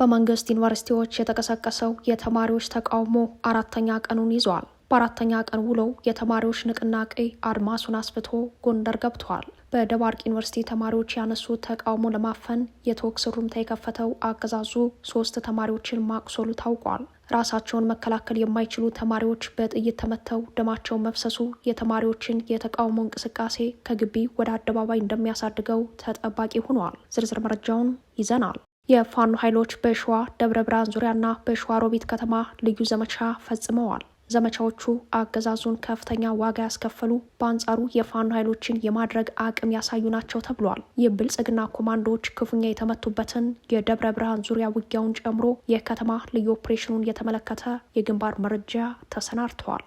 በመንግስት ዩኒቨርሲቲዎች የተቀሰቀሰው የተማሪዎች ተቃውሞ አራተኛ ቀኑን ይዟል። በአራተኛ ቀን ውለው የተማሪዎች ንቅናቄ አድማሱን አስፍቶ ጎንደር ገብቷል። በደባርቅ ዩኒቨርሲቲ ተማሪዎች ያነሱት ተቃውሞ ለማፈን የተኩስ ሩምታ የከፈተው አገዛዙ ሶስት ተማሪዎችን ማቁሰሉ ታውቋል። ራሳቸውን መከላከል የማይችሉ ተማሪዎች በጥይት ተመተው ደማቸው መፍሰሱ የተማሪዎችን የተቃውሞ እንቅስቃሴ ከግቢ ወደ አደባባይ እንደሚያሳድገው ተጠባቂ ሆኗል። ዝርዝር መረጃውን ይዘናል። የፋኖ ኃይሎች በሸዋ ደብረ ብርሃን ዙሪያና በሸዋ ሮቢት ከተማ ልዩ ዘመቻ ፈጽመዋል። ዘመቻዎቹ አገዛዙን ከፍተኛ ዋጋ ያስከፈሉ፣ በአንጻሩ የፋኖ ኃይሎችን የማድረግ አቅም ያሳዩ ናቸው ተብሏል። የብልጽግና ኮማንዶዎች ክፉኛ የተመቱበትን የደብረ ብርሃን ዙሪያ ውጊያውን ጨምሮ የከተማ ልዩ ኦፕሬሽኑን የተመለከተ የግንባር መረጃ ተሰናድተዋል።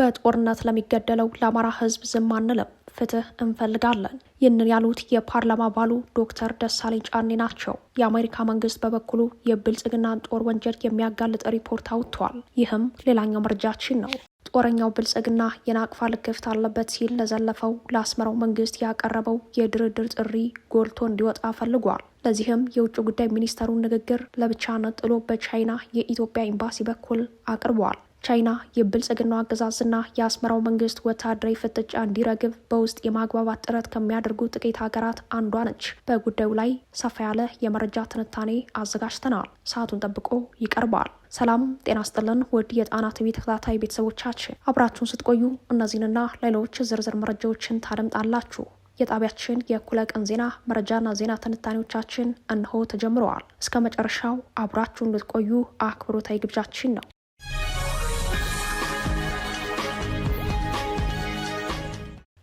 በጦርነት ለሚገደለው ለአማራ ሕዝብ ዝም አንልም፣ ፍትህ እንፈልጋለን ይህንን ያሉት የፓርላማ አባሉ ዶክተር ደሳለኝ ጫኔ ናቸው። የአሜሪካ መንግስት በበኩሉ የብልጽግናን ጦር ወንጀል የሚያጋልጥ ሪፖርት አውጥቷል። ይህም ሌላኛው መረጃችን ነው። ጦረኛው ብልጽግና የናቅፋ ልክፍት አለበት ሲል ለዘለፈው ለአስመራው መንግስት ያቀረበው የድርድር ጥሪ ጎልቶ እንዲወጣ ፈልጓል። ለዚህም የውጭ ጉዳይ ሚኒስተሩን ንግግር ለብቻ ነጥሎ በቻይና የኢትዮጵያ ኤምባሲ በኩል አቅርቧል። ቻይና የብልጽግናው አገዛዝና የአስመራው መንግስት ወታደራዊ ፍጥጫ እንዲረግብ በውስጥ የማግባባት ጥረት ከሚያደርጉ ጥቂት ሀገራት አንዷ ነች። በጉዳዩ ላይ ሰፋ ያለ የመረጃ ትንታኔ አዘጋጅተናል። ሰዓቱን ጠብቆ ይቀርባል። ሰላም ጤና ስጥልን ውድ የጣና ቲቪ ተከታታይ ቤተሰቦቻችን፣ አብራችሁን ስትቆዩ እነዚህንና ሌሎች ዝርዝር መረጃዎችን ታደምጣላችሁ። የጣቢያችን የእኩለ ቀን ዜና መረጃና ዜና ትንታኔዎቻችን እንሆ ተጀምረዋል። እስከ መጨረሻው አብራችሁ እንድትቆዩ አክብሮታዊ ግብዣችን ነው።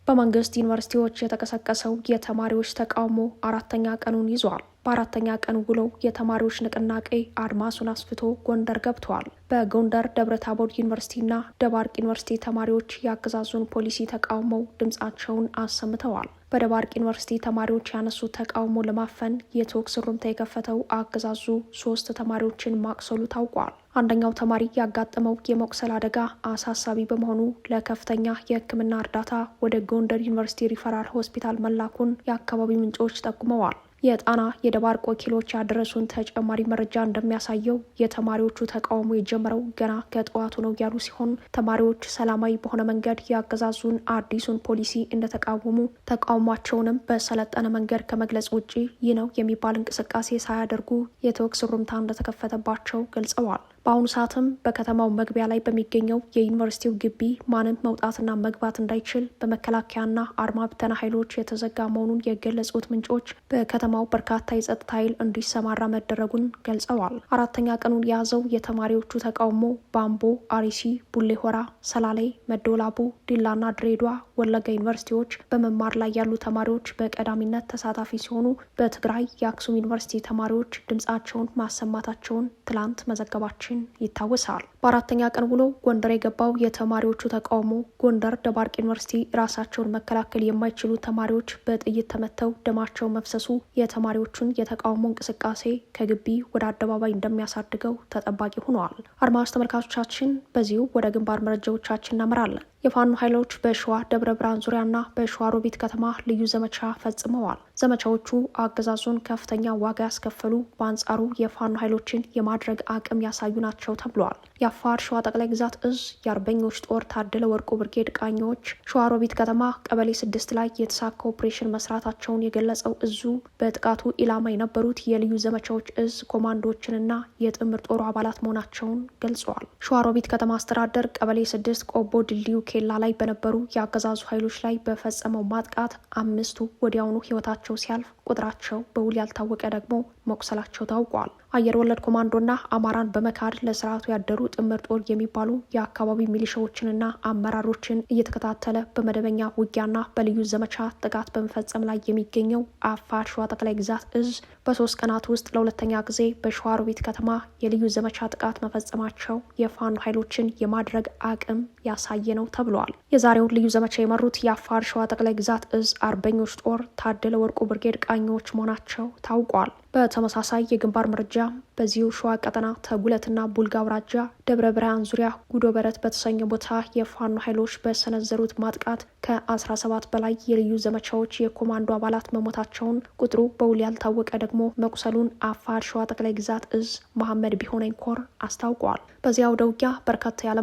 በመንግስት ዩኒቨርሲቲዎች የተቀሰቀሰው የተማሪዎች ተቃውሞ አራተኛ ቀኑን ይዟል። በአራተኛ ቀን ውለው የተማሪዎች ንቅናቄ አድማሱን አስፍቶ ጎንደር ገብተዋል። በጎንደር ደብረታቦር ዩኒቨርሲቲና ደባርቅ ዩኒቨርሲቲ ተማሪዎች የአገዛዙን ፖሊሲ ተቃውመው ድምፃቸውን አሰምተዋል። በደባርቅ ዩኒቨርሲቲ ተማሪዎች ያነሱት ተቃውሞ ለማፈን የተኩስ ስሩምታ የከፈተው አገዛዙ ሶስት ተማሪዎችን ማቅሰሉ ታውቋል። አንደኛው ተማሪ ያጋጠመው የመቁሰል አደጋ አሳሳቢ በመሆኑ ለከፍተኛ የሕክምና እርዳታ ወደ ጎንደር ዩኒቨርሲቲ ሪፈራል ሆስፒታል መላኩን የአካባቢው ምንጮች ጠቁመዋል። የጣና የደባርቆ ኪሎች ያደረሱን ተጨማሪ መረጃ እንደሚያሳየው የተማሪዎቹ ተቃውሞ የጀመረው ገና ከጠዋቱ ነው ያሉ ሲሆን ተማሪዎች ሰላማዊ በሆነ መንገድ ያገዛዙን አዲሱን ፖሊሲ እንደተቃወሙ ተቃውሟቸውንም በሰለጠነ መንገድ ከመግለጽ ውጭ ይህ ነው የሚባል እንቅስቃሴ ሳያደርጉ የተኩስ ሩምታ እንደተከፈተባቸው ገልጸዋል። በአሁኑ ሰዓትም በከተማው መግቢያ ላይ በሚገኘው የዩኒቨርሲቲው ግቢ ማንም መውጣትና መግባት እንዳይችል በመከላከያና አርማ ብተና ኃይሎች የተዘጋ መሆኑን የገለጹት ምንጮች በከተማው በርካታ የጸጥታ ኃይል እንዲሰማራ መደረጉን ገልጸዋል። አራተኛ ቀኑን የያዘው የተማሪዎቹ ተቃውሞ ባምቦ፣ አሪሲ፣ ቡሌ ሆራ፣ ሰላሌ፣ መደወላቡ፣ ዲላና ድሬዷ ወለጋ ዩኒቨርሲቲዎች በመማር ላይ ያሉ ተማሪዎች በቀዳሚነት ተሳታፊ ሲሆኑ በትግራይ የአክሱም ዩኒቨርሲቲ ተማሪዎች ድምጻቸውን ማሰማታቸውን ትላንት መዘገባቸው። ማሸን ይታወሳል። በአራተኛ ቀን ውሎ ጎንደር የገባው የተማሪዎቹ ተቃውሞ ጎንደር ደባርቅ ዩኒቨርሲቲ ራሳቸውን መከላከል የማይችሉ ተማሪዎች በጥይት ተመተው ደማቸው መፍሰሱ የተማሪዎቹን የተቃውሞ እንቅስቃሴ ከግቢ ወደ አደባባይ እንደሚያሳድገው ተጠባቂ ሆነዋል። አድማጭ ተመልካቾቻችን በዚሁ ወደ ግንባር መረጃዎቻችን እናመራለን። የፋኖ ኃይሎች በሸዋ ደብረ ብርሃን ዙሪያና በሸዋ ሮቢት ከተማ ልዩ ዘመቻ ፈጽመዋል። ዘመቻዎቹ አገዛዙን ከፍተኛ ዋጋ ያስከፈሉ፣ በአንጻሩ የፋኖ ኃይሎችን የማድረግ አቅም ያሳዩ ናቸው ተብለዋል። የአፋር ሸዋ ጠቅላይ ግዛት እዝ የአርበኞች ጦር ታደለ ወርቁ ብርጌድ ቃኞች ሸዋ ሮቢት ከተማ ቀበሌ ስድስት ላይ የተሳካ ኦፕሬሽን መስራታቸውን የገለጸው እዙ በጥቃቱ ኢላማ የነበሩት የልዩ ዘመቻዎች እዝ ኮማንዶዎችንና የጥምር ጦሩ አባላት መሆናቸውን ገልጸዋል። ሸዋ ሮቢት ከተማ አስተዳደር ቀበሌ ስድስት ቆቦ ድልድዩ ኬላ ላይ በነበሩ የአገዛዙ ኃይሎች ላይ በፈጸመው ማጥቃት አምስቱ ወዲያውኑ ሕይወታቸው ሲያልፍ ቁጥራቸው በውል ያልታወቀ ደግሞ መቁሰላቸው ታውቋል። አየር ወለድ ኮማንዶና አማራን በመካድ ለስርዓቱ ያደሩ ጥምር ጦር የሚባሉ የአካባቢ ሚሊሻዎችንና አመራሮችን እየተከታተለ በመደበኛ ውጊያና በልዩ ዘመቻ ጥቃት በመፈጸም ላይ የሚገኘው አፋር ሸዋ ጠቅላይ ግዛት እዝ በሶስት ቀናት ውስጥ ለሁለተኛ ጊዜ በሸዋሮቢት ከተማ የልዩ ዘመቻ ጥቃት መፈጸማቸው የፋኖ ኃይሎችን የማድረግ አቅም ያሳየ ነው ተብሏል። የዛሬውን ልዩ ዘመቻ የመሩት የአፋር ሸዋ ጠቅላይ ግዛት እዝ አርበኞች ጦር ታደለ ወርቁ ብርጌድ ቃኞች መሆናቸው ታውቋል። በተመሳሳይ የግንባር መረጃ በዚሁ ሸዋ ቀጠና ተጉለትና ቡልጋ አውራጃ ደብረ ብርሃን ዙሪያ ጉዶ በረት በተሰኘ ቦታ የፋኖ ኃይሎች በሰነዘሩት ማጥቃት ከ17 በላይ የልዩ ዘመቻዎች የኮማንዶ አባላት መሞታቸውን ቁጥሩ በውል ያልታወቀ ደግሞ መቁሰሉን አፋር ሸዋ ጠቅላይ ግዛት እዝ መሐመድ ቢሆነኝ ኮር አስታውቋል። በዚያው ደውጊያ በርካታ ያለ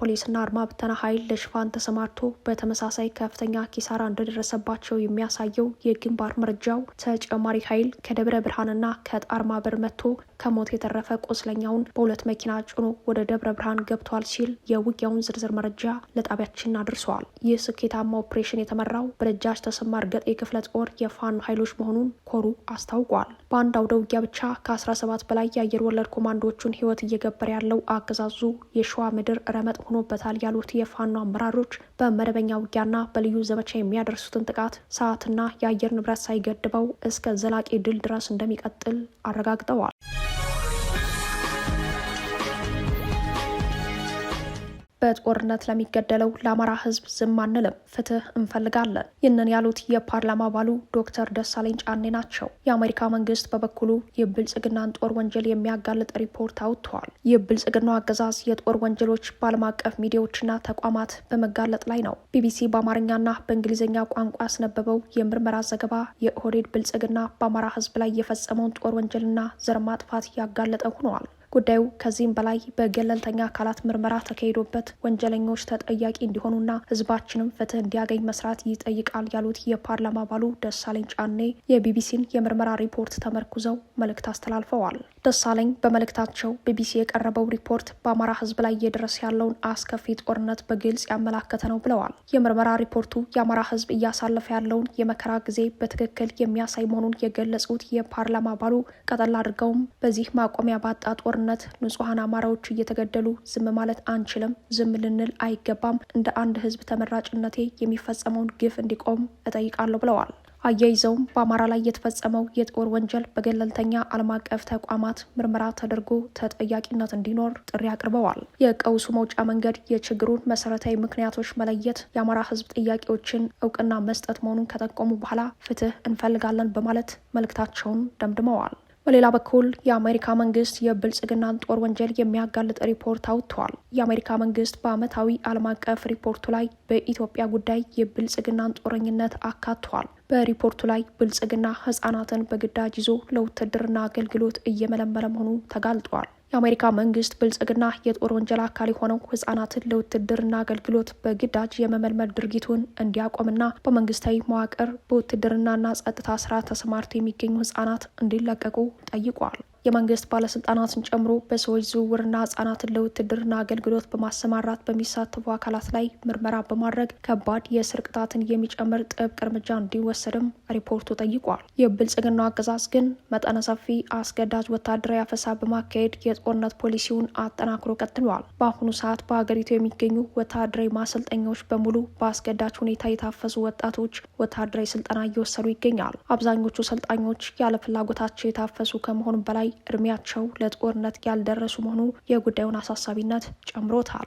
ፖሊስና አድማ ብተና ኃይል ለሽፋን ተሰማርቶ በተመሳሳይ ከፍተኛ ኪሳራ እንደደረሰባቸው የሚያሳየው የግንባር መረጃው ተጨማሪ ኃይል ከደብረ ብርሃን ከጣርማ ብር መጥቶ ከሞት የተረፈ ቆስለኛውን በሁለት መኪና ጭኖ ወደ ደብረ ብርሃን ገብቷል ሲል የውጊያውን ዝርዝር መረጃ ለጣቢያችን አድርሰዋል። ይህ ስኬታማ ኦፕሬሽን የተመራው በደጃች ተሰማ እርገጤ ክፍለ ጦር የፋኖ ኃይሎች መሆኑን ኮሩ አስታውቋል። በአንድ አውደ ውጊያ ብቻ ከ17 በላይ የአየር ወለድ ኮማንዶዎቹን ህይወት እየገበረ ያለው አገዛዙ የሸዋ ምድር ረመጥ ሆኖበታል ያሉት የፋኖ አመራሮች በመደበኛ ውጊያና በልዩ ዘመቻ የሚያደርሱትን ጥቃት ሰዓትና የአየር ንብረት ሳይገድበው እስከ ዘላቂ ድል ድረስ እንደሚቀጥል አረጋግጠዋል። በጦርነት ለሚገደለው ለአማራ ሕዝብ ዝም አንልም፣ ፍትህ እንፈልጋለን። ይህንን ያሉት የፓርላማ አባሉ ዶክተር ደሳለኝ ጫኔ ናቸው። የአሜሪካ መንግስት በበኩሉ የብልጽግናን ጦር ወንጀል የሚያጋልጥ ሪፖርት አውጥተዋል። የብልጽግናው አገዛዝ የጦር ወንጀሎች በዓለም አቀፍ ሚዲያዎችና ተቋማት በመጋለጥ ላይ ነው። ቢቢሲ በአማርኛና በእንግሊዝኛ ቋንቋ ያስነበበው የምርመራ ዘገባ የኦህዴድ ብልጽግና በአማራ ሕዝብ ላይ የፈጸመውን ጦር ወንጀልና ዘር ማጥፋት ያጋለጠ ሆኗል። ጉዳዩ ከዚህም በላይ በገለልተኛ አካላት ምርመራ ተካሂዶበት ወንጀለኞች ተጠያቂ እንዲሆኑና ህዝባችንም ፍትህ እንዲያገኝ መስራት ይጠይቃል ያሉት የፓርላማ አባሉ ደሳለኝ ጫኔ የቢቢሲን የምርመራ ሪፖርት ተመርኩዘው መልእክት አስተላልፈዋል። ደሳለኝ በመልእክታቸው ቢቢሲ የቀረበው ሪፖርት በአማራ ህዝብ ላይ እየደረሰ ያለውን አስከፊ ጦርነት በግልጽ ያመላከተ ነው ብለዋል። የምርመራ ሪፖርቱ የአማራ ህዝብ እያሳለፈ ያለውን የመከራ ጊዜ በትክክል የሚያሳይ መሆኑን የገለጹት የፓርላማ አባሉ ቀጠል አድርገውም በዚህ ማቆሚያ ባጣ ጦርነት ጦርነት ንጹሐን አማራዎች እየተገደሉ ዝም ማለት አንችልም፣ ዝም ልንል አይገባም። እንደ አንድ ህዝብ ተመራጭነቴ የሚፈጸመውን ግፍ እንዲቆም እጠይቃለሁ ብለዋል። አያይዘውም በአማራ ላይ የተፈጸመው የጦር ወንጀል በገለልተኛ ዓለም አቀፍ ተቋማት ምርመራ ተደርጎ ተጠያቂነት እንዲኖር ጥሪ አቅርበዋል። የቀውሱ መውጫ መንገድ የችግሩን መሰረታዊ ምክንያቶች መለየት፣ የአማራ ህዝብ ጥያቄዎችን እውቅና መስጠት መሆኑን ከጠቆሙ በኋላ ፍትህ እንፈልጋለን በማለት መልእክታቸውን ደምድመዋል። በሌላ በኩል የአሜሪካ መንግስት የብልጽግናን ጦር ወንጀል የሚያጋልጥ ሪፖርት አውጥቷል። የአሜሪካ መንግስት በዓመታዊ ዓለም አቀፍ ሪፖርቱ ላይ በኢትዮጵያ ጉዳይ የብልጽግናን ጦረኝነት አካቷል። በሪፖርቱ ላይ ብልጽግና ህጻናትን በግዳጅ ይዞ ለውትድርና አገልግሎት እየመለመለ መሆኑ ተጋልጧል። የአሜሪካ መንግስት ብልጽግና የጦር ወንጀል አካል የሆነው ህጻናትን ለውትድርና አገልግሎት በግዳጅ የመመልመል ድርጊቱን እንዲያቆምና በመንግስታዊ መዋቅር በውትድርናና ጸጥታ ስራ ተሰማርተው የሚገኙ ህጻናት እንዲለቀቁ ጠይቋል። የመንግስት ባለስልጣናትን ጨምሮ በሰዎች ዝውውርና ህጻናትን ለውትድርና አገልግሎት በማሰማራት በሚሳተፉ አካላት ላይ ምርመራ በማድረግ ከባድ የእስር ቅጣትን የሚጨምር ጥብቅ እርምጃ እንዲወሰድም ሪፖርቱ ጠይቋል። የብልጽግናው አገዛዝ ግን መጠነ ሰፊ አስገዳጅ ወታደራዊ አፈሳ በማካሄድ የጦርነት ፖሊሲውን አጠናክሮ ቀጥሏል። በአሁኑ ሰዓት በሀገሪቱ የሚገኙ ወታደራዊ ማሰልጠኛዎች በሙሉ በአስገዳጅ ሁኔታ የታፈሱ ወጣቶች ወታደራዊ ስልጠና እየወሰዱ ይገኛል። አብዛኞቹ ሰልጣኞች ያለ ፍላጎታቸው የታፈሱ ከመሆኑ በላይ በላይ እድሜያቸው ለጦርነት ያልደረሱ መሆኑ የጉዳዩን አሳሳቢነት ጨምሮታል።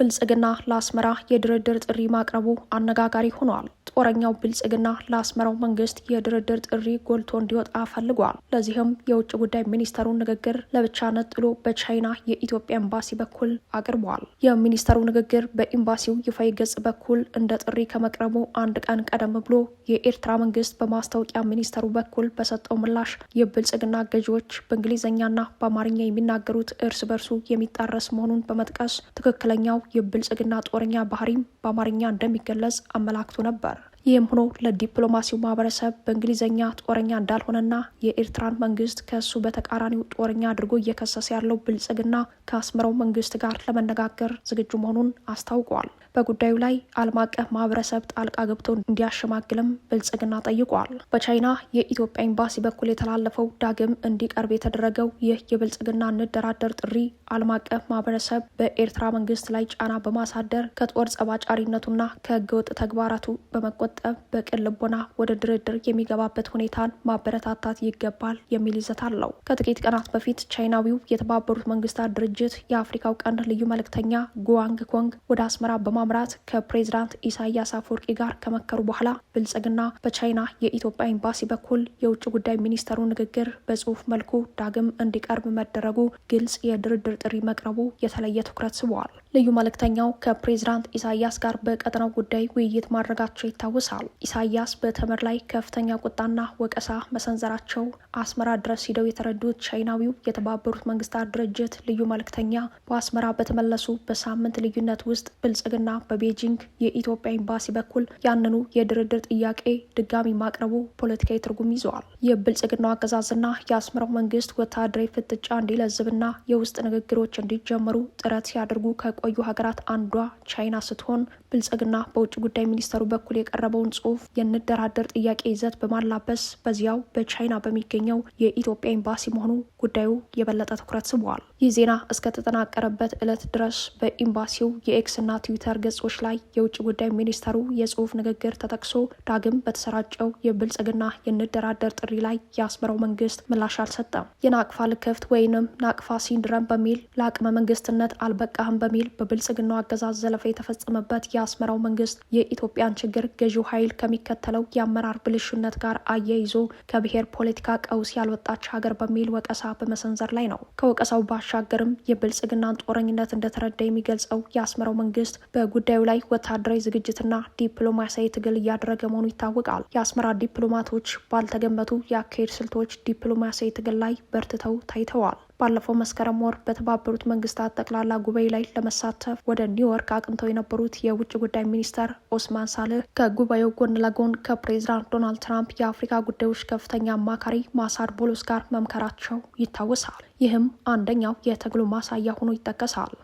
ብልጽግና ለአስመራ የድርድር ጥሪ ማቅረቡ አነጋጋሪ ሆኗል። ጦረኛው ብልጽግና ለአስመራው መንግስት የድርድር ጥሪ ጎልቶ እንዲወጣ ፈልጓል። ለዚህም የውጭ ጉዳይ ሚኒስተሩን ንግግር ለብቻ ነጥሎ በቻይና የኢትዮጵያ ኤምባሲ በኩል አቅርቧል። የሚኒስተሩ ንግግር በኤምባሲው ይፋዊ ገጽ በኩል እንደ ጥሪ ከመቅረቡ አንድ ቀን ቀደም ብሎ የኤርትራ መንግስት በማስታወቂያ ሚኒስተሩ በኩል በሰጠው ምላሽ የብልጽግና ገዢዎች በእንግሊዝኛና በአማርኛ የሚናገሩት እርስ በርሱ የሚጣረስ መሆኑን በመጥቀስ ትክክለኛው የብልጽግና ጦረኛ ባህሪም በአማርኛ እንደሚገለጽ አመላክቶ ነበር። ይህም ሆኖ ለዲፕሎማሲው ማህበረሰብ በእንግሊዝኛ ጦረኛ እንዳልሆነና የኤርትራን መንግስት ከእሱ በተቃራኒው ጦረኛ አድርጎ እየከሰሰ ያለው ብልጽግና ከአስመራው መንግስት ጋር ለመነጋገር ዝግጁ መሆኑን አስታውቋል። በጉዳዩ ላይ ዓለም አቀፍ ማህበረሰብ ጣልቃ ገብቶ እንዲያሸማግልም ብልጽግና ጠይቋል። በቻይና የኢትዮጵያ ኤምባሲ በኩል የተላለፈው ዳግም እንዲቀርብ የተደረገው ይህ የብልጽግና እንደራደር ጥሪ ዓለም አቀፍ ማህበረሰብ በኤርትራ መንግስት ላይ ጫና በማሳደር ከጦር ጸባጫሪነቱና ከህገወጥ ተግባራቱ በመቆጠብ በቅን ልቦና ወደ ድርድር የሚገባበት ሁኔታን ማበረታታት ይገባል የሚል ይዘት አለው። ከጥቂት ቀናት በፊት ቻይናዊው የተባበሩት መንግስታት ድርጅት የአፍሪካው ቀንድ ልዩ መልእክተኛ ጉዋንግ ኮንግ ወደ አስመራ በማ በማምራት ከፕሬዚዳንት ኢሳያስ አፈወርቂ ጋር ከመከሩ በኋላ ብልጽግና በቻይና የኢትዮጵያ ኤምባሲ በኩል የውጭ ጉዳይ ሚኒስተሩ ንግግር በጽሁፍ መልኩ ዳግም እንዲቀርብ መደረጉ ግልጽ የድርድር ጥሪ መቅረቡ የተለየ ትኩረት ስበዋል። ልዩ መልእክተኛው ከፕሬዝዳንት ኢሳያስ ጋር በቀጠናው ጉዳይ ውይይት ማድረጋቸው ይታወሳል። ኢሳያስ በተመድ ላይ ከፍተኛ ቁጣና ወቀሳ መሰንዘራቸው አስመራ ድረስ ሂደው የተረዱት ቻይናዊው የተባበሩት መንግስታት ድርጅት ልዩ መልእክተኛ በአስመራ በተመለሱ በሳምንት ልዩነት ውስጥ ብልጽግና በቤጂንግ የኢትዮጵያ ኤምባሲ በኩል ያንኑ የድርድር ጥያቄ ድጋሚ ማቅረቡ ፖለቲካዊ ትርጉም ይዘዋል። የብልጽግናው አገዛዝና የአስመራው መንግስት ወታደራዊ ፍጥጫ እንዲለዝብና የውስጥ ንግግሮች እንዲጀምሩ ጥረት ሲያደርጉ ከ ከቆዩ ሀገራት አንዷ ቻይና ስትሆን ብልጽግና በውጭ ጉዳይ ሚኒስተሩ በኩል የቀረበውን ጽሁፍ የንደራደር ጥያቄ ይዘት በማላበስ በዚያው በቻይና በሚገኘው የኢትዮጵያ ኤምባሲ መሆኑ ጉዳዩ የበለጠ ትኩረት ስቧል። ይህ ዜና እስከተጠናቀረበት ዕለት ድረስ በኤምባሲው የኤክስና ትዊተር ገጾች ላይ የውጭ ጉዳይ ሚኒስተሩ የጽሁፍ ንግግር ተጠቅሶ ዳግም በተሰራጨው የብልጽግና የንደራደር ጥሪ ላይ የአስመራው መንግስት ምላሽ አልሰጠም። የናቅፋ ልክፍት ወይንም ናቅፋ ሲንድረም በሚል ለአቅመ መንግስትነት አልበቃህም በሚል በብልጽግናው አገዛዝ ዘለፋ የተፈጸመበት የአስመራው መንግስት የኢትዮጵያን ችግር ገዢው ኃይል ከሚከተለው የአመራር ብልሹነት ጋር አያይዞ ከብሔር ፖለቲካ ቀውስ ያልወጣች ሀገር በሚል ወቀሳ በመሰንዘር ላይ ነው። ከወቀሳው ባሻገርም የብልጽግናን ጦረኝነት እንደተረዳ የሚገልጸው የአስመራው መንግስት በጉዳዩ ላይ ወታደራዊ ዝግጅትና ዲፕሎማሲያዊ ትግል እያደረገ መሆኑ ይታወቃል። የአስመራ ዲፕሎማቶች ባልተገመቱ የአካሄድ ስልቶች ዲፕሎማሲያዊ ትግል ላይ በርትተው ታይተዋል። ባለፈው መስከረም ወር በተባበሩት መንግስታት ጠቅላላ ጉባኤ ላይ ለመሳተፍ ወደ ኒውዮርክ አቅንተው የነበሩት የውጭ ጉዳይ ሚኒስተር ኦስማን ሳልህ ከጉባኤው ጎን ለጎን ከፕሬዚዳንት ዶናልድ ትራምፕ የአፍሪካ ጉዳዮች ከፍተኛ አማካሪ ማሳድ ቦሎስ ጋር መምከራቸው ይታወሳል። ይህም አንደኛው የተግሎ ማሳያ ሆኖ ይጠቀሳል።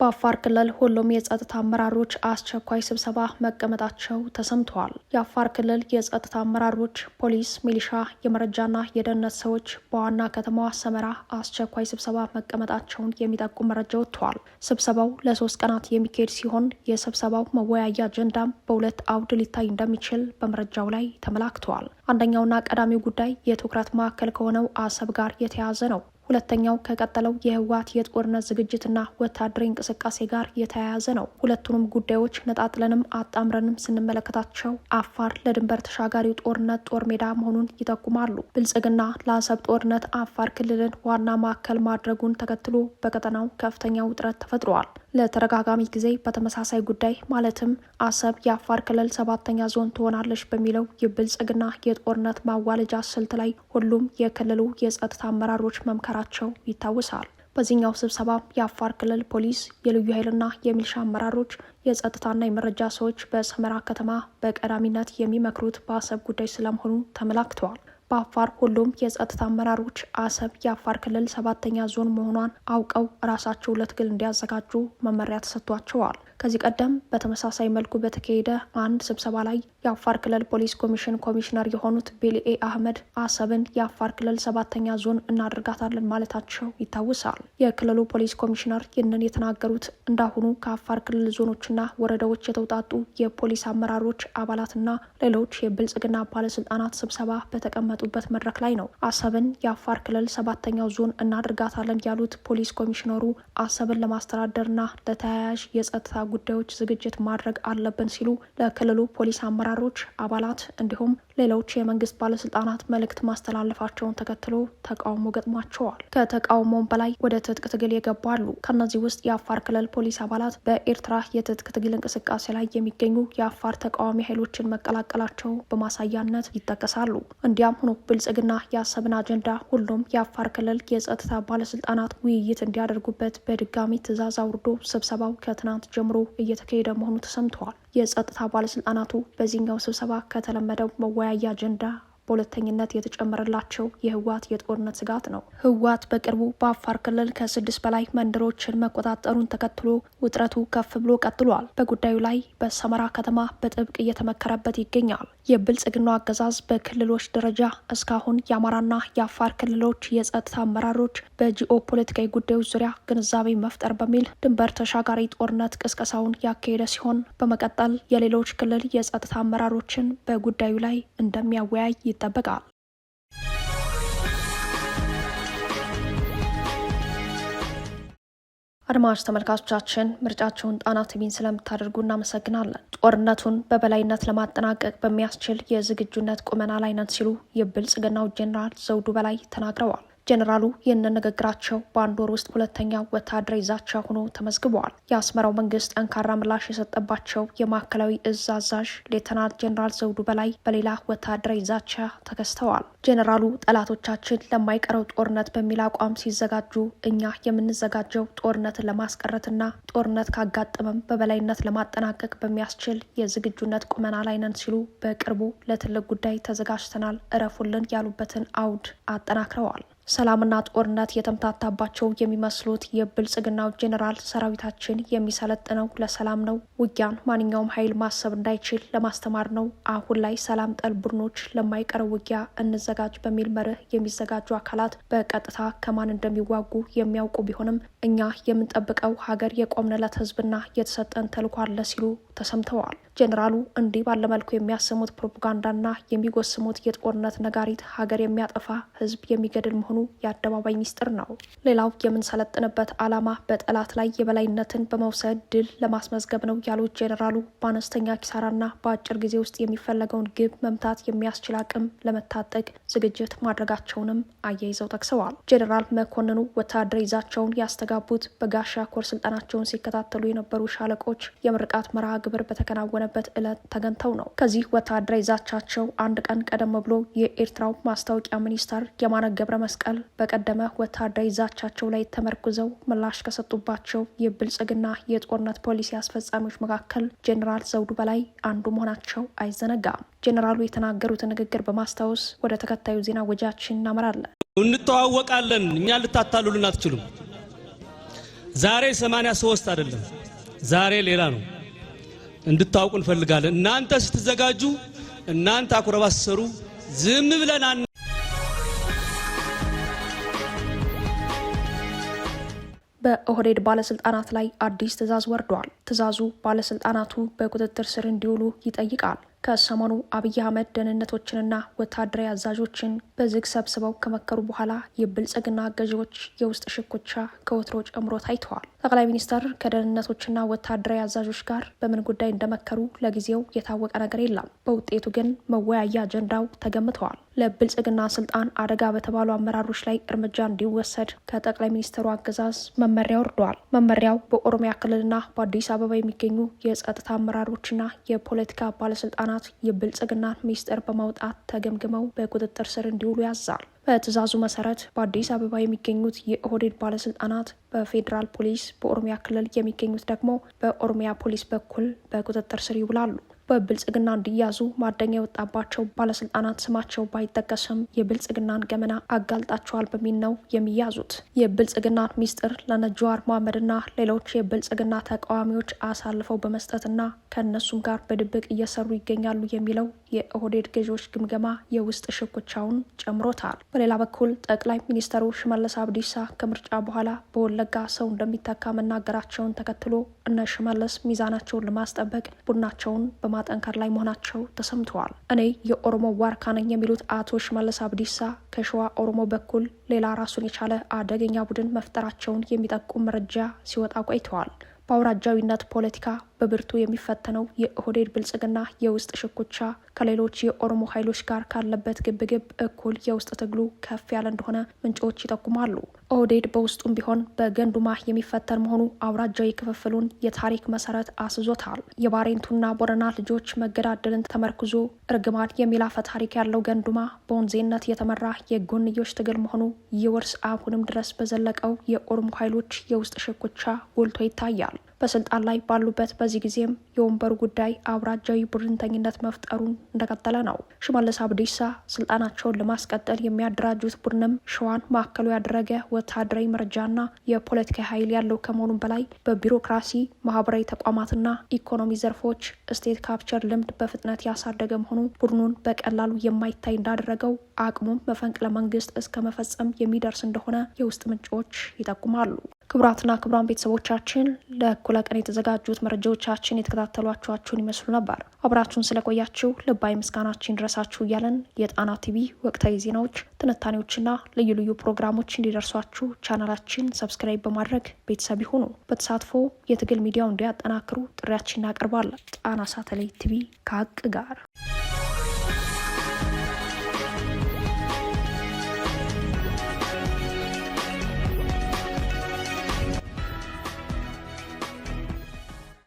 በአፋር ክልል ሁሉም የጸጥታ አመራሮች አስቸኳይ ስብሰባ መቀመጣቸው ተሰምተዋል። የአፋር ክልል የጸጥታ አመራሮች ፖሊስ፣ ሚሊሻ፣ የመረጃና የደህንነት ሰዎች በዋና ከተማዋ ሰመራ አስቸኳይ ስብሰባ መቀመጣቸውን የሚጠቁም መረጃ ወጥተዋል። ስብሰባው ለሶስት ቀናት የሚካሄድ ሲሆን የስብሰባው መወያያ አጀንዳም በሁለት አውድ ሊታይ እንደሚችል በመረጃው ላይ ተመላክተዋል። አንደኛውና ቀዳሚው ጉዳይ የትኩረት ማዕከል ከሆነው አሰብ ጋር የተያያዘ ነው። ሁለተኛው ከቀጠለው የህወሓት የጦርነት ዝግጅትና ወታደራዊ እንቅስቃሴ ጋር የተያያዘ ነው። ሁለቱንም ጉዳዮች ነጣጥለንም አጣምረንም ስንመለከታቸው አፋር ለድንበር ተሻጋሪው ጦርነት ጦር ሜዳ መሆኑን ይጠቁማሉ። ብልጽግና ለአሰብ ጦርነት አፋር ክልልን ዋና ማዕከል ማድረጉን ተከትሎ በቀጠናው ከፍተኛ ውጥረት ተፈጥሯል። ለተደጋጋሚ ጊዜ በተመሳሳይ ጉዳይ ማለትም አሰብ የአፋር ክልል ሰባተኛ ዞን ትሆናለች በሚለው የብልጽግና የጦርነት ማዋለጃ ስልት ላይ ሁሉም የክልሉ የጸጥታ አመራሮች መምከራቸው ይታወሳል። በዚህኛው ስብሰባ የአፋር ክልል ፖሊስ፣ የልዩ ኃይልና የሚልሻ አመራሮች፣ የጸጥታና የመረጃ ሰዎች በሰመራ ከተማ በቀዳሚነት የሚመክሩት በአሰብ ጉዳይ ስለመሆኑ ተመላክተዋል። በአፋር ሁሉም የጸጥታ አመራሮች አሰብ የአፋር ክልል ሰባተኛ ዞን መሆኗን አውቀው ራሳቸው ለትግል እንዲያዘጋጁ መመሪያ ተሰጥቷቸዋል። ከዚህ ቀደም በተመሳሳይ መልኩ በተካሄደ አንድ ስብሰባ ላይ የአፋር ክልል ፖሊስ ኮሚሽን ኮሚሽነር የሆኑት ቢልኤ አህመድ አሰብን የአፋር ክልል ሰባተኛ ዞን እናደርጋታለን ማለታቸው ይታወሳል። የክልሉ ፖሊስ ኮሚሽነር ይህንን የተናገሩት እንዳሁኑ ከአፋር ክልል ዞኖችና ወረዳዎች የተውጣጡ የፖሊስ አመራሮች አባላትና ሌሎች የብልጽግና ባለስልጣናት ስብሰባ በተቀመጡበት መድረክ ላይ ነው። አሰብን የአፋር ክልል ሰባተኛው ዞን እናደርጋታለን ያሉት ፖሊስ ኮሚሽነሩ አሰብን ለማስተዳደርና ለተያያዥ የጸጥታ ጉዳዮች ዝግጅት ማድረግ አለብን ሲሉ ለክልሉ ፖሊስ አመራሮች አባላት እንዲሁም ሌሎች የመንግስት ባለስልጣናት መልእክት ማስተላለፋቸውን ተከትሎ ተቃውሞ ገጥሟቸዋል። ከተቃውሞም በላይ ወደ ትጥቅ ትግል አሉ። ከእነዚህ ውስጥ የአፋር ክልል ፖሊስ አባላት በኤርትራ የትጥቅ ትግል እንቅስቃሴ ላይ የሚገኙ የአፋር ተቃዋሚ ኃይሎችን መቀላቀላቸው በማሳያነት ይጠቀሳሉ። እንዲያም ሆኖ ብልጽግና የአሰብን አጀንዳ ሁሉም የአፋር ክልል የጸጥታ ባለስልጣናት ውይይት እንዲያደርጉበት በድጋሚ ትዕዛዝ አውርዶ ስብሰባው ከትናንት ጀምሮ እየተካሄደ መሆኑ ተሰምተዋል። የጸጥታ ባለስልጣናቱ በዚህኛው ስብሰባ ከተለመደው መወያያ አጀንዳ በሁለተኝነት የተጨመረላቸው የህወሓት የጦርነት ስጋት ነው። ህወሓት በቅርቡ በአፋር ክልል ከስድስት በላይ መንደሮችን መቆጣጠሩን ተከትሎ ውጥረቱ ከፍ ብሎ ቀጥሏል። በጉዳዩ ላይ በሰመራ ከተማ በጥብቅ እየተመከረበት ይገኛል። የብልጽግናው አገዛዝ በክልሎች ደረጃ እስካሁን የአማራና የአፋር ክልሎች የጸጥታ አመራሮች በጂኦ ፖለቲካዊ ጉዳዮች ዙሪያ ግንዛቤ መፍጠር በሚል ድንበር ተሻጋሪ ጦርነት ቅስቀሳውን ያካሄደ ሲሆን በመቀጠል የሌሎች ክልል የጸጥታ አመራሮችን በጉዳዩ ላይ እንደሚያወያይ ይጠበቃል። አድማጭ ተመልካቾቻችን ምርጫቸውን ጣና ቲቪን ስለምታደርጉ እናመሰግናለን። ጦርነቱን በበላይነት ለማጠናቀቅ በሚያስችል የዝግጁነት ቁመና ላይ ነን ሲሉ የብልጽግናው ጄኔራል ዘውዱ በላይ ተናግረዋል። ጀኔራሉ ይህንን ንግግራቸው በአንድ ወር ውስጥ ሁለተኛ ወታደራዊ ዛቻ ሆኖ ተመዝግበዋል። የአስመራው መንግስት ጠንካራ ምላሽ የሰጠባቸው የማዕከላዊ እዝ አዛዥ ሌተናል ጀኔራል ዘውዱ በላይ በሌላ ወታደራዊ ዛቻ ተከስተዋል። ጀኔራሉ ጠላቶቻችን ለማይቀረው ጦርነት በሚል አቋም ሲዘጋጁ፣ እኛ የምንዘጋጀው ጦርነትን ለማስቀረትና ጦርነት ካጋጠመም በበላይነት ለማጠናቀቅ በሚያስችል የዝግጁነት ቁመና ላይ ነን ሲሉ በቅርቡ ለትልቅ ጉዳይ ተዘጋጅተናል እረፉልን ያሉበትን አውድ አጠናክረዋል። ሰላምና ጦርነት የተምታታባቸው የሚመስሉት የብልጽግናው ጄኔራል ሰራዊታችን የሚሰለጥነው ለሰላም ነው፣ ውጊያን ማንኛውም ኃይል ማሰብ እንዳይችል ለማስተማር ነው፣ አሁን ላይ ሰላም ጠል ቡድኖች ለማይቀረው ውጊያ እንዘጋጅ በሚል መርህ የሚዘጋጁ አካላት በቀጥታ ከማን እንደሚዋጉ የሚያውቁ ቢሆንም እኛ የምንጠብቀው ሀገር የቆምንለት ህዝብና የተሰጠን ተልዕኮ አለ ሲሉ ተሰምተዋል። ጀኔራሉ እንዲህ ባለመልኩ የሚያሰሙት ፕሮፓጋንዳና የሚጎስሙት የጦርነት ነጋሪት ሀገር የሚያጠፋ ህዝብ የሚገድል መሆኑ የአደባባይ ሚስጥር ነው። ሌላው የምንሰለጥንበት ዓላማ በጠላት ላይ የበላይነትን በመውሰድ ድል ለማስመዝገብ ነው ያሉት ጀኔራሉ በአነስተኛ ኪሳራና በአጭር ጊዜ ውስጥ የሚፈለገውን ግብ መምታት የሚያስችል አቅም ለመታጠቅ ዝግጅት ማድረጋቸውንም አያይዘው ጠቅሰዋል። ጀኔራል መኮንኑ ወታደር ይዛቸውን ያስተጋቡት በጋሻ ኮር ስልጠናቸውን ሲከታተሉ የነበሩ ሻለቆች የምርቃት መርሃ ግብር በተከናወነ በሆነበት ዕለት ተገኝተው ነው። ከዚህ ወታደራዊ ዛቻቸው አንድ ቀን ቀደም ብሎ የኤርትራው ማስታወቂያ ሚኒስተር የማነ ገብረ መስቀል በቀደመ ወታደራዊ ዛቻቸው ላይ ተመርኩዘው ምላሽ ከሰጡባቸው የብልጽግና የጦርነት ፖሊሲ አስፈጻሚዎች መካከል ጄኔራል ዘውዱ በላይ አንዱ መሆናቸው አይዘነጋም። ጄኔራሉ የተናገሩትን ንግግር በማስታወስ ወደ ተከታዩ ዜና ወጃችን እናመራለን። እንተዋወቃለን። እኛ ልታታሉልን አትችሉም። ዛሬ ሰማንያ ሶስት አይደለም ዛሬ ሌላ ነው። እንድታውቁ እንፈልጋለን። እናንተ ስትዘጋጁ፣ እናንተ አኩረባሰሩ ዝም ብለን በኦህዴድ ባለስልጣናት ላይ አዲስ ትዕዛዝ ወርዷል። ትዕዛዙ ባለስልጣናቱ በቁጥጥር ስር እንዲውሉ ይጠይቃል። ከሰሞኑ አብይ አህመድ ደህንነቶችንና ወታደራዊ አዛዦችን በዝግ ሰብስበው ከመከሩ በኋላ የብልጽግና ገዢዎች የውስጥ ሽኩቻ ከወትሮ ጨምሮ ታይተዋል። ጠቅላይ ሚኒስተር ከደህንነቶችና ወታደራዊ አዛዦች ጋር በምን ጉዳይ እንደመከሩ ለጊዜው የታወቀ ነገር የለም። በውጤቱ ግን መወያያ አጀንዳው ተገምተዋል። ለብልጽግና ስልጣን አደጋ በተባሉ አመራሮች ላይ እርምጃ እንዲወሰድ ከጠቅላይ ሚኒስትሩ አገዛዝ መመሪያ ወርደዋል። መመሪያው በኦሮሚያ ክልልና በአዲስ አበባ የሚገኙ የጸጥታ አመራሮችና የፖለቲካ ባለስልጣናት ህጻናት የብልጽግና ሚስጥር በማውጣት ተገምግመው በቁጥጥር ስር እንዲውሉ ያዛል። በትዕዛዙ መሰረት በአዲስ አበባ የሚገኙት የኦህዴድ ባለስልጣናት በፌዴራል ፖሊስ፣ በኦሮሚያ ክልል የሚገኙት ደግሞ በኦሮሚያ ፖሊስ በኩል በቁጥጥር ስር ይውላሉ። በብልጽግና እንዲያዙ ማደኛ የወጣባቸው ባለስልጣናት ስማቸው ባይጠቀስም የብልጽግናን ገመና አጋልጣቸዋል በሚል ነው የሚያዙት። የብልጽግና ሚስጥር ለነጀዋር መሐመድና ሌሎች የብልጽግና ተቃዋሚዎች አሳልፈው በመስጠትና ከእነሱም ጋር በድብቅ እየሰሩ ይገኛሉ የሚለው የኦህዴድ ገዢዎች ግምገማ የውስጥ ሽኩቻውን ጨምሮታል። በሌላ በኩል ጠቅላይ ሚኒስትሩ ሽመለስ አብዲሳ ከምርጫ በኋላ በወለጋ ሰው እንደሚተካ መናገራቸውን ተከትሎ እነ ሽመለስ ሚዛናቸውን ለማስጠበቅ ቡድናቸውን በማጠንከር ላይ መሆናቸው ተሰምተዋል። እኔ የኦሮሞ ዋርካ ነኝ የሚሉት አቶ ሽመለስ አብዲሳ ከሸዋ ኦሮሞ በኩል ሌላ ራሱን የቻለ አደገኛ ቡድን መፍጠራቸውን የሚጠቁም መረጃ ሲወጣ ቆይተዋል። በአውራጃዊነት ፖለቲካ በብርቱ የሚፈተነው የኦህዴድ ብልጽግና የውስጥ ሽኩቻ ከሌሎች የኦሮሞ ኃይሎች ጋር ካለበት ግብግብ እኩል የውስጥ ትግሉ ከፍ ያለ እንደሆነ ምንጮች ይጠቁማሉ። ኦህዴድ በውስጡም ቢሆን በገንዱማ የሚፈተን መሆኑ አውራጃዊ ክፍፍሉን የታሪክ መሰረት አስዞታል። የባሬንቱና ቦረና ልጆች መገዳደልን ተመርክዞ እርግማን የሚል ታሪክ ያለው ገንዱማ በወንዜነት የተመራ የጎንዮሽ ትግል መሆኑ ይህ ውርስ አሁንም ድረስ በዘለቀው የኦሮሞ ኃይሎች የውስጥ ሽኩቻ ጎልቶ ይታያል። በስልጣን ላይ ባሉበት በዚህ ጊዜም የወንበር ጉዳይ አውራጃዊ ቡድንተኝነት መፍጠሩን እንደቀጠለ ነው። ሽመልስ አብዲሳ ስልጣናቸውን ለማስቀጠል የሚያደራጁት ቡድንም ሸዋን ማዕከሉ ያደረገ ወታደራዊ መረጃና የፖለቲካ ኃይል ያለው ከመሆኑም በላይ በቢሮክራሲ ማህበራዊ ተቋማትና ኢኮኖሚ ዘርፎች ስቴት ካፕቸር ልምድ በፍጥነት ያሳደገ መሆኑ ቡድኑን በቀላሉ የማይታይ እንዳደረገው አቅሙም መፈንቅለ መንግስት እስከ መፈጸም የሚደርስ እንደሆነ የውስጥ ምንጮች ይጠቁማሉ። ክቡራትና ክቡራን ቤተሰቦቻችን ለእኩለ ቀን የተዘጋጁት መረጃዎቻችን የተከታተሏችኋችሁን ይመስሉ ነበር። አብራችሁን ስለቆያችሁ ልባዊ ምስጋናችን ድረሳችሁ እያለን የጣና ቲቪ ወቅታዊ ዜናዎች፣ ትንታኔዎችና ልዩ ልዩ ፕሮግራሞች እንዲደርሷችሁ ቻናላችን ሰብስክራይብ በማድረግ ቤተሰብ ይሁኑ። በተሳትፎ የትግል ሚዲያው እንዲያጠናክሩ ጥሪያችን እናቀርባለን። ጣና ሳተላይት ቲቪ ከሀቅ ጋር